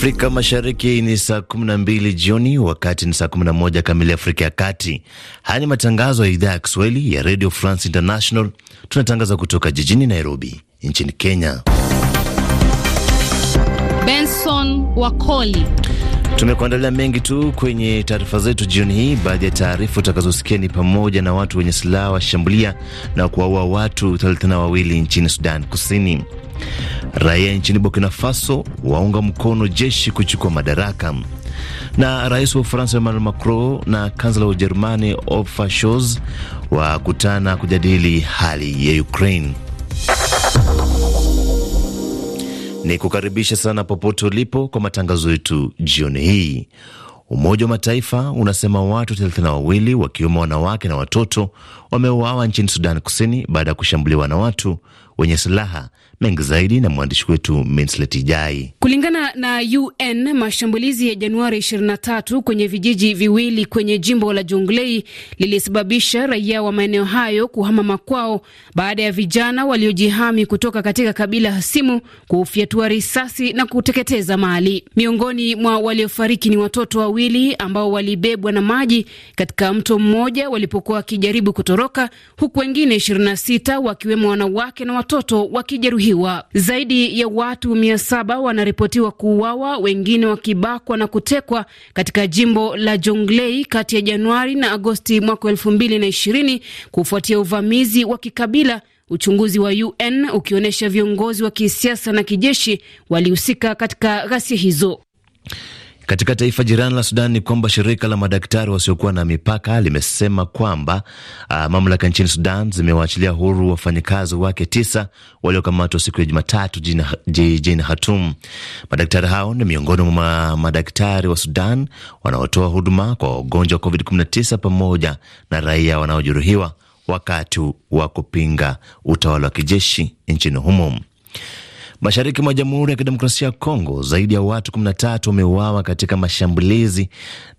Afrika Mashariki ni saa 12 jioni, wakati ni saa 11 kamili Afrika ya Kati. Haya ni matangazo ya idhaa ya Kiswahili ya Radio France International. Tunatangaza kutoka jijini Nairobi nchini Kenya. Benson Wakoli Tumekuandalia mengi tu kwenye taarifa zetu jioni hii. Baadhi ya taarifa utakazosikia ni pamoja na watu wenye silaha washambulia na kuwaua watu 3 wawili nchini Sudan Kusini. Raia nchini Burkina Faso waunga mkono jeshi kuchukua madaraka, na rais wa Ufaransa Emmanuel Macron na kansela wa Ujerumani Olaf Scholz wakutana kujadili hali ya Ukraine. Ni kukaribisha sana popote ulipo kwa matangazo yetu jioni hii. Umoja wa Mataifa unasema watu 32 wakiwemo wanawake na watoto wameuawa nchini Sudan Kusini baada ya kushambuliwa na watu wenye silaha Mengi zaidi na mwandishi wetu Minslet Ijai. Kulingana na UN, mashambulizi ya Januari 23 kwenye vijiji viwili kwenye jimbo la Jonglei lilisababisha raia wa maeneo hayo kuhama makwao baada ya vijana waliojihami kutoka katika kabila hasimu kufyatua risasi na kuteketeza mali. Miongoni mwa waliofariki ni watoto wawili ambao walibebwa na maji katika mto mmoja walipokuwa wakijaribu kutoroka, huku wengine 26 wakiwemo wanawake na watoto wakijeruhi kujeruhiwa. Zaidi ya watu mia saba wanaripotiwa kuuawa, wengine wakibakwa na kutekwa katika jimbo la Jonglei kati ya Januari na Agosti mwaka elfu mbili na ishirini kufuatia uvamizi wa kikabila uchunguzi wa UN ukionyesha viongozi wa kisiasa na kijeshi walihusika katika ghasia hizo. Katika taifa jirani la Sudan ni kwamba shirika la madaktari wasiokuwa na mipaka limesema kwamba uh, mamlaka nchini Sudan zimewaachilia huru wafanyakazi wake tisa waliokamatwa siku ya Jumatatu jijini Hatum. Madaktari hao ni miongoni mwa madaktari wa Sudan wanaotoa huduma kwa wagonjwa wa COVID-19 pamoja na raia wanaojeruhiwa wakati wa kupinga utawala wa kijeshi nchini humo. Mashariki mwa Jamhuri ya Kidemokrasia ya Kongo, zaidi ya watu 13 wameuawa katika mashambulizi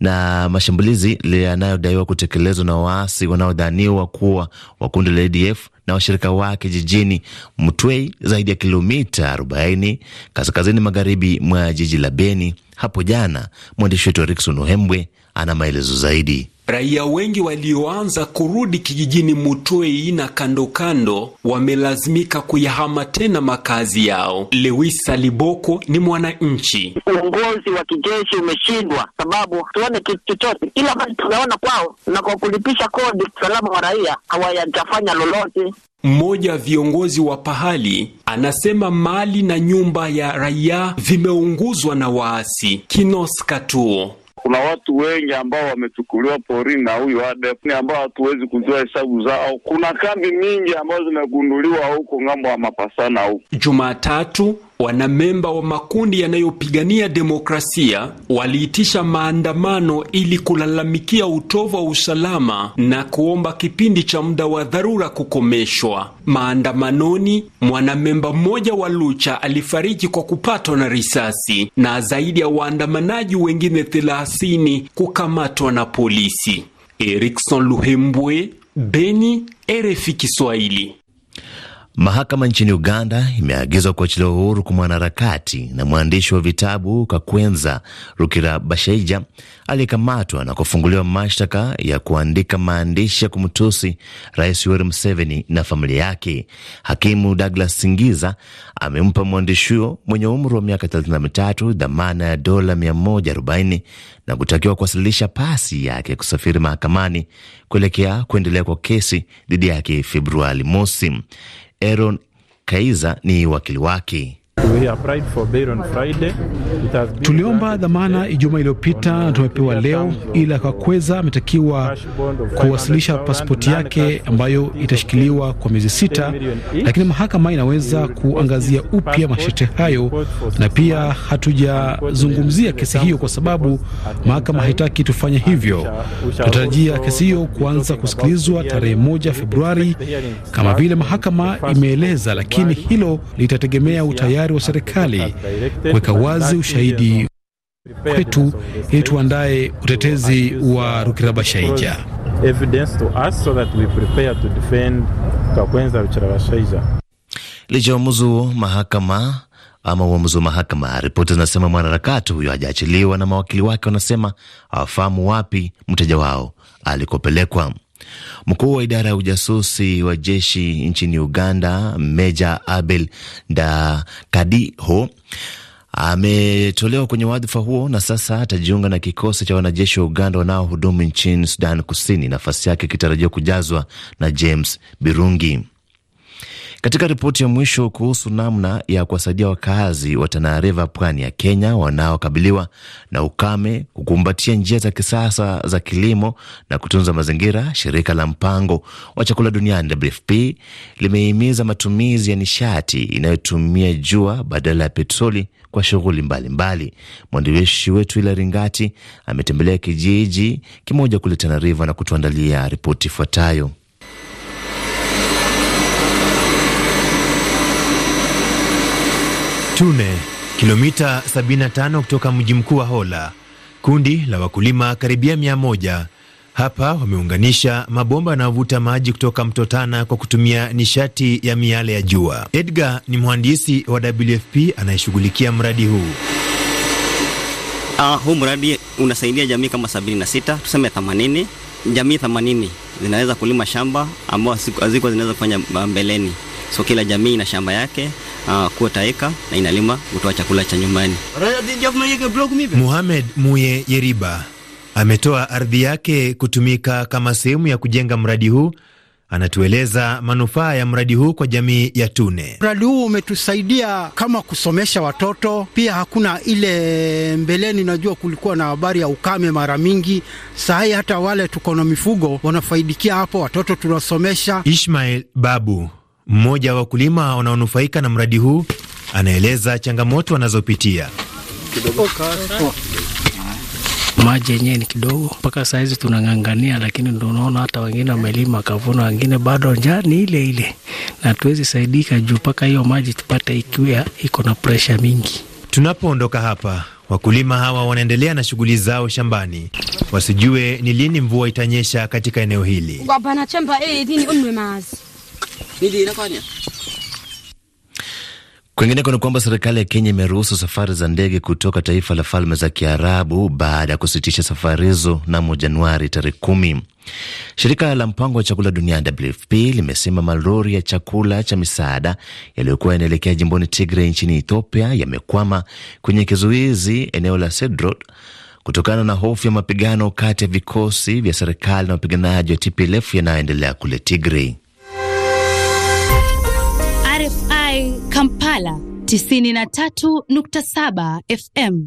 na mashambulizi yanayodaiwa kutekelezwa na waasi wanaodhaniwa kuwa wa kundi la ADF na washirika wake jijini Mtwei, zaidi ya kilomita 40 kaskazini magharibi mwa jiji la Beni hapo jana. Mwandishi wetu Erikson Uhembwe ana maelezo zaidi. Raia wengi walioanza kurudi kijijini Mutoi na kando kando wamelazimika kuyahama tena makazi yao. Lewisa Liboko ni mwananchi. Uongozi wa kijeshi umeshindwa, sababu tuone kitu chochote, ila bali tunaona kwao na kwa kulipisha kodi, usalama wa raia hawajafanya lolote. Mmoja wa viongozi wa pahali anasema mali na nyumba ya raia vimeunguzwa na waasi. Kinos Katuo kuna watu wengi ambao wamechukuliwa porini na huyu ADF ambao hatuwezi kujua hesabu zao. Kuna kambi nyingi ambazo zimegunduliwa huko ng'ambo ya mapasana huko Jumatatu wanamemba wa makundi yanayopigania demokrasia waliitisha maandamano ili kulalamikia utovu wa usalama na kuomba kipindi cha muda wa dharura kukomeshwa. Maandamanoni, mwanamemba mmoja wa Lucha alifariki kwa kupatwa na risasi na zaidi ya waandamanaji wengine 30 kukamatwa na polisi. Erikson Luhembwe, Beni, RFI Kiswahili. Mahakama nchini Uganda imeagizwa kuachilia uhuru kwa mwanaharakati na mwandishi wa vitabu Kakwenza bashaija aliyekamatwa na kufunguliwa mashtaka ya kuandika maandishi ya kumtusi Rais Yoweri Museveni na familia yake. Hakimu Douglas Singiza amempa mwandishi huyo mwenye umri wa miaka 33 dhamana ya dola 140 na kutakiwa kuwasilisha pasi yake kusafiri mahakamani kuelekea kuendelea kwa kesi dhidi yake Februari mosi. Aaron Kaiza ni wakili wake. Tuliomba dhamana Ijumaa iliyopita, na tumepewa leo, ila Kakweza ametakiwa kuwasilisha pasipoti yake ambayo itashikiliwa kwa miezi sita, lakini mahakama inaweza kuangazia upya masharti hayo, na pia hatujazungumzia kesi hiyo kwa sababu mahakama haitaki tufanye hivyo. Tunatarajia kesi hiyo kuanza kusikilizwa tarehe moja Februari kama vile mahakama imeeleza, lakini hilo litategemea utayari wa serikali kuweka wazi ushahidi kwetu ili tuandaye utetezi wa Rukirabashaija. Licha uamuzi mahakama ama uamuzi wa mahakama, ripoti zinasema mwanaharakati huyo hajaachiliwa na mawakili wake wanasema hawafahamu wapi mteja wao alikopelekwa. Mkuu wa idara ya ujasusi wa jeshi nchini Uganda, Meja Abel da kadiho ametolewa kwenye wadhifa huo na sasa atajiunga na kikosi cha wanajeshi wa Uganda wanaohudumu nchini Sudan Kusini, nafasi yake ikitarajiwa kujazwa na James Birungi. Katika ripoti ya mwisho kuhusu namna ya kuwasaidia wakazi wa Tana River, pwani ya Kenya, wanaokabiliwa na ukame kukumbatia njia za kisasa za kilimo na kutunza mazingira, shirika la mpango wa chakula duniani WFP limehimiza matumizi ya nishati inayotumia jua badala ya petroli kwa shughuli mbalimbali. Mwandishi wetu Ila Ringati ametembelea kijiji kimoja kule Tana River na kutuandalia ripoti ifuatayo. Tune, kilomita 75 kutoka mji mkuu wa Hola. Kundi la wakulima karibia mia moja hapa wameunganisha mabomba yanayovuta maji kutoka mto Tana kwa kutumia nishati ya miale ya jua. Edgar ni mhandisi wa WFP anayeshughulikia mradi huu. Uh, huu mradi unasaidia jamii kama sita tuseme 80 jamii 80 zinaweza kulima shamba ambao ziko zinaweza kufanya ah, mbeleni. So kila jamii ina shamba yake uh, ah, kuota eka na inalima kutoa chakula cha nyumbani. Muhamed Muye Yeriba ametoa ardhi yake kutumika kama sehemu ya kujenga mradi huu. Anatueleza manufaa ya mradi huu kwa jamii ya Tune. Mradi huu umetusaidia kama kusomesha watoto, pia hakuna ile mbeleni, najua kulikuwa na habari ya ukame mara mingi. Sahi hata wale tuko na mifugo wanafaidikia hapo, watoto tunasomesha. Ishmael Babu mmoja wa wakulima wanaonufaika na mradi huu anaeleza changamoto anazopitia. Maji yenyewe ni kidogo, mpaka sahizi tunang'ang'ania, lakini ndo unaona hata wengine wamelima wakavuna, wengine bado njaa ni ile ile, na tuwezi saidika juu mpaka hiyo maji tupate ikiwa iko na presha mingi. Tunapoondoka hapa, wakulima hawa wanaendelea na shughuli zao shambani, wasijue ni lini mvua itanyesha katika eneo hili. Kwingineko ni kwamba serikali ya Kenya imeruhusu safari za ndege kutoka taifa la Falme za Kiarabu baada ya kusitisha safari hizo namo Januari tarehe kumi. Shirika la mpango wa chakula duniani WFP limesema malori ya chakula cha misaada yaliyokuwa yanaelekea jimboni Tigre nchini Ethiopia yamekwama kwenye kizuizi eneo la Cedrot kutokana na hofu ya mapigano kati ya vikosi vya serikali na wapiganaji wa TPLF yanayoendelea kule Tigray. Kampala 93.7 FM.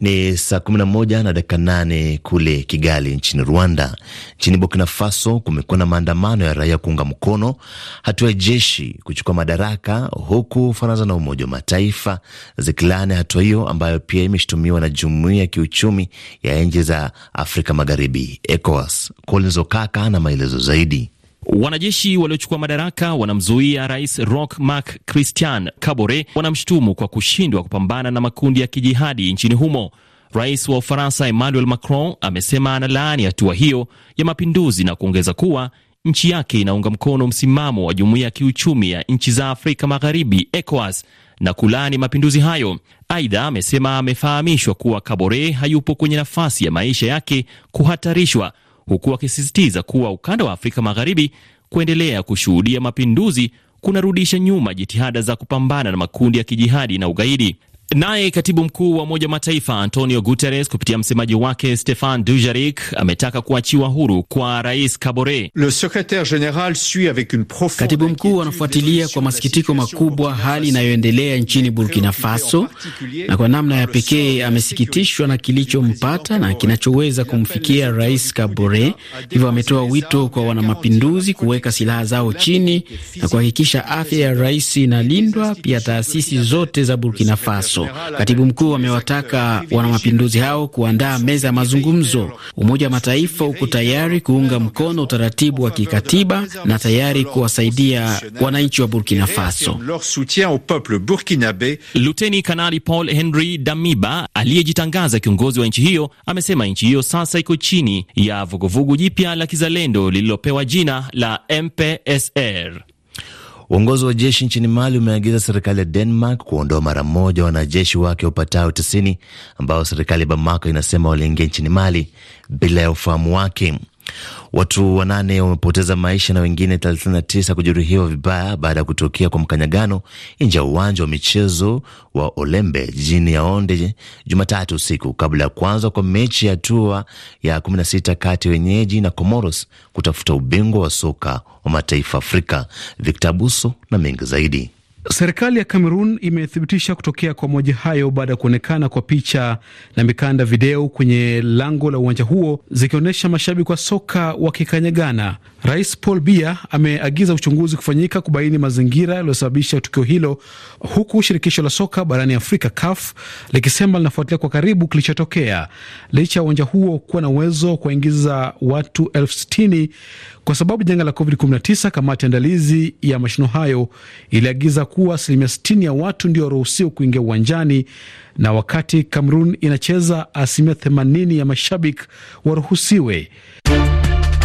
Ni saa 11 na dakika 8 kule Kigali nchini Rwanda. Nchini Burkina Faso kumekuwa na maandamano ya raia kuunga mkono hatua ya jeshi kuchukua madaraka, huku faransa na Umoja wa Mataifa zikilaani hatua hiyo ambayo pia imeshutumiwa na Jumuiya ya Kiuchumi ya Nchi za Afrika Magharibi, ECOWAS. Collins Okaka na maelezo zaidi. Wanajeshi waliochukua madaraka wanamzuia rais Roch Marc Christian Kabore, wanamshutumu kwa kushindwa kupambana na makundi ya kijihadi nchini humo. Rais wa Ufaransa Emmanuel Macron amesema analaani hatua hiyo ya mapinduzi na kuongeza kuwa nchi yake inaunga mkono msimamo wa jumuiya ya kiuchumi ya nchi za Afrika Magharibi, ECOWAS, na kulaani mapinduzi hayo. Aidha, amesema amefahamishwa kuwa Kabore hayupo kwenye nafasi ya maisha yake kuhatarishwa huku akisisitiza kuwa ukanda wa Afrika Magharibi kuendelea kushuhudia mapinduzi kunarudisha nyuma jitihada za kupambana na makundi ya kijihadi na ugaidi. Naye katibu mkuu wa Umoja wa Mataifa Antonio Guterres kupitia msemaji wake Stefan Dujarik ametaka kuachiwa huru kwa rais Kabore. Katibu mkuu anafuatilia kwa masikitiko makubwa hali inayoendelea nchini Burkina Faso, na kwa namna ya pekee amesikitishwa na kilichompata na kinachoweza kumfikia rais Kabore. Hivyo ametoa wito kwa wanamapinduzi kuweka silaha zao chini na kuhakikisha afya ya rais inalindwa, pia taasisi zote za Burkina Faso mazungumzo. Katibu mkuu amewataka wanamapinduzi hao kuandaa meza ya mazungumzo. Umoja wa Mataifa uko tayari kuunga mkono utaratibu wa kikatiba na tayari kuwasaidia wananchi wa Burkina Faso. Luteni Kanali Paul Henry Damiba aliyejitangaza kiongozi wa nchi hiyo amesema nchi hiyo sasa iko chini ya vuguvugu jipya la kizalendo lililopewa jina la MPSR. Uongozi wa jeshi nchini Mali umeagiza serikali ya Denmark kuondoa mara moja wanajeshi wake wapatao tisini ambao serikali ya Bamako inasema waliingia nchini Mali bila ya ufahamu wake. Watu wanane wamepoteza maisha na wengine 39 kujeruhiwa vibaya baada ya kutokea kwa mkanyagano nje ya uwanja wa michezo wa Olembe jijini onde Jumatatu usiku kabla ya kuanza kwa mechi ya hatua ya 16 kati ya wenyeji na Comoros kutafuta ubingwa wa soka wa mataifa Afrika. Victor Buso na mengi zaidi. Serikali ya cameron imethibitisha kutokea kwa mauaji hayo baada ya kuonekana kwa picha na mikanda video kwenye lango la uwanja huo zikionyesha mashabiki wa soka wakikanyagana. Rais Paul Bia ameagiza uchunguzi kufanyika kubaini mazingira yaliyosababisha tukio hilo, huku shirikisho la soka barani Afrika CAF likisema linafuatilia kwa karibu kilichotokea, licha ya uwanja huo kuwa na uwezo wa kuwaingiza watu elfu sitini. Kwa sababu janga la COVID-19, kamati andalizi ya mashino hayo iliagiza kuwa asilimia 60 ya watu ndio waruhusiwa kuingia uwanjani, na wakati Cameroon inacheza asilimia 80 ya mashabiki waruhusiwe.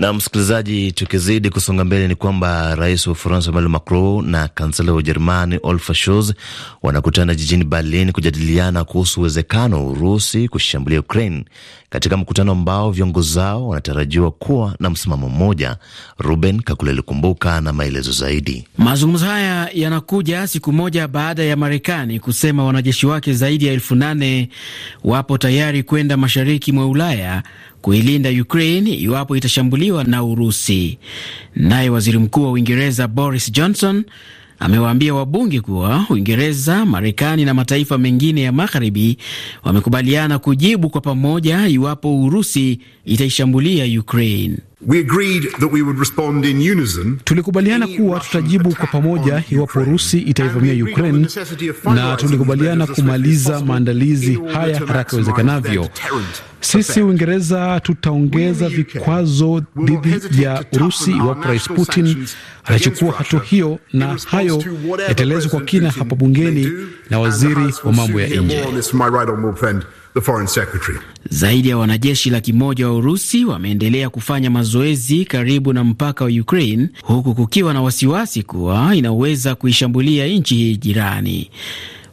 Na msikilizaji, tukizidi kusonga mbele ni kwamba rais wa Ufaransa Emmanuel Macron na kansela wa Ujerumani Olaf Scholz wanakutana jijini Berlin kujadiliana kuhusu uwezekano wa Urusi kushambulia Ukraine katika mkutano ambao viongozi hao wanatarajiwa kuwa na msimamo mmoja. Ruben Kakule alikumbuka na maelezo zaidi. Mazungumzo haya yanakuja siku moja baada ya Marekani kusema wanajeshi wake zaidi ya elfu nane wapo tayari kwenda mashariki mwa Ulaya kuilinda Ukraine iwapo itashambuliwa na Urusi. Naye waziri mkuu wa Uingereza Boris Johnson amewaambia wabunge kuwa Uingereza, Marekani na mataifa mengine ya magharibi wamekubaliana kujibu kwa pamoja iwapo Urusi itaishambulia Ukraine. We agreed that we would respond in unison. Tulikubaliana kuwa tutajibu kwa pamoja iwapo Urusi itaivamia Ukraine na tulikubaliana kumaliza maandalizi haya haraka iwezekanavyo. Sisi Uingereza tutaongeza vikwazo dhidi ya Urusi iwapo Rais Putin atachukua hatua hiyo, na hayo yataelezwa kwa kina hapa bungeni na waziri wa mambo ya nje. Zaidi ya wanajeshi laki moja wa Urusi wameendelea kufanya mazoezi karibu na mpaka wa Ukraine, huku kukiwa na wasiwasi kuwa inaweza kuishambulia nchi hii jirani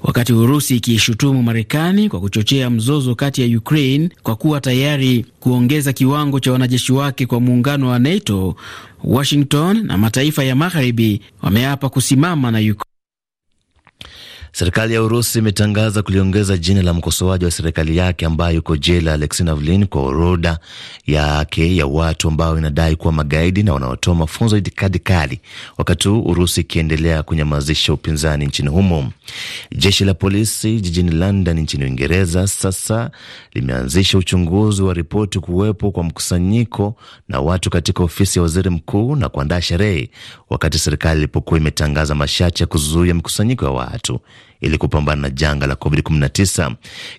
wakati Urusi ikiishutumu Marekani kwa kuchochea mzozo kati ya Ukraine kwa kuwa tayari kuongeza kiwango cha wanajeshi wake kwa muungano wa NATO. Washington na mataifa ya magharibi wameapa kusimama na Ukraine. Serikali ya Urusi imetangaza kuliongeza jina la mkosoaji wa serikali yake ambayo yuko jela Alexei Navalny kwa orodha yake ya watu ambao inadai kuwa magaidi na wanaotoa mafunzo itikadi kali, wakati huu Urusi ikiendelea kunyamazisha upinzani nchini humo. Jeshi la polisi jijini London nchini Uingereza sasa limeanzisha uchunguzi wa ripoti kuwepo kwa mkusanyiko na watu katika ofisi ya waziri mkuu na kuandaa sherehe, wakati serikali ilipokuwa imetangaza masharti ya kuzuia mikusanyiko ya watu ili kupambana na janga la COVID-19.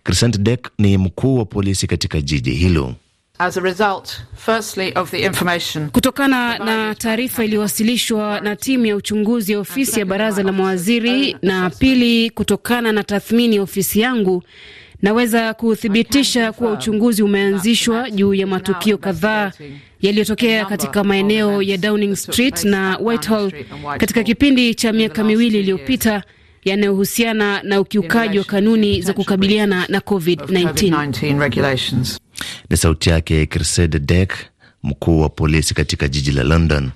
Crescent dec ni mkuu wa polisi katika jiji hilo. As a result, firstly, of the information. Kutokana na taarifa iliyowasilishwa na timu ya uchunguzi ya ofisi ya baraza la mawaziri, na pili, kutokana na tathmini ya ofisi yangu, naweza kuthibitisha kuwa uchunguzi umeanzishwa juu ya matukio kadhaa yaliyotokea katika maeneo ya Downing Street na Whitehall katika kipindi cha miaka miwili iliyopita yanayohusiana na ukiukaji wa kanuni za kukabiliana na COVID-19. Ni sauti yake Kirsed Dek, mkuu wa polisi katika jiji la London.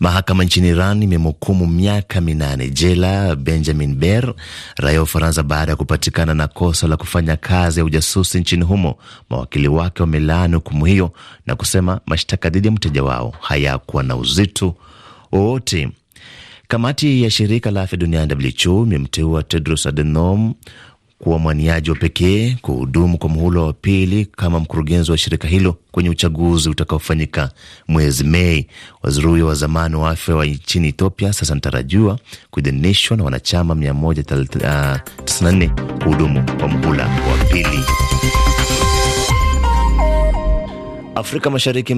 Mahakama nchini Iran imemhukumu miaka minane jela Benjamin Ber, raia wa Ufaransa, baada ya kupatikana na kosa la kufanya kazi ya ujasusi nchini humo. Mawakili wake wamelaani hukumu hiyo na kusema mashtaka dhidi ya mteja wao hayakuwa na uzito wowote. Kamati ya shirika la afya duniani WHO imemteua Tedros Adhanom kuwa mwaniaji wa pekee kuhudumu kwa muhula wa pili kama mkurugenzi wa shirika hilo kwenye uchaguzi utakaofanyika mwezi Mei. Waziri huyo wa zamani wa afya wa nchini Ethiopia sasa anatarajiwa kuidhinishwa na wanachama 194 uh, kuhudumu kwa muhula wa pili. Afrika Mashariki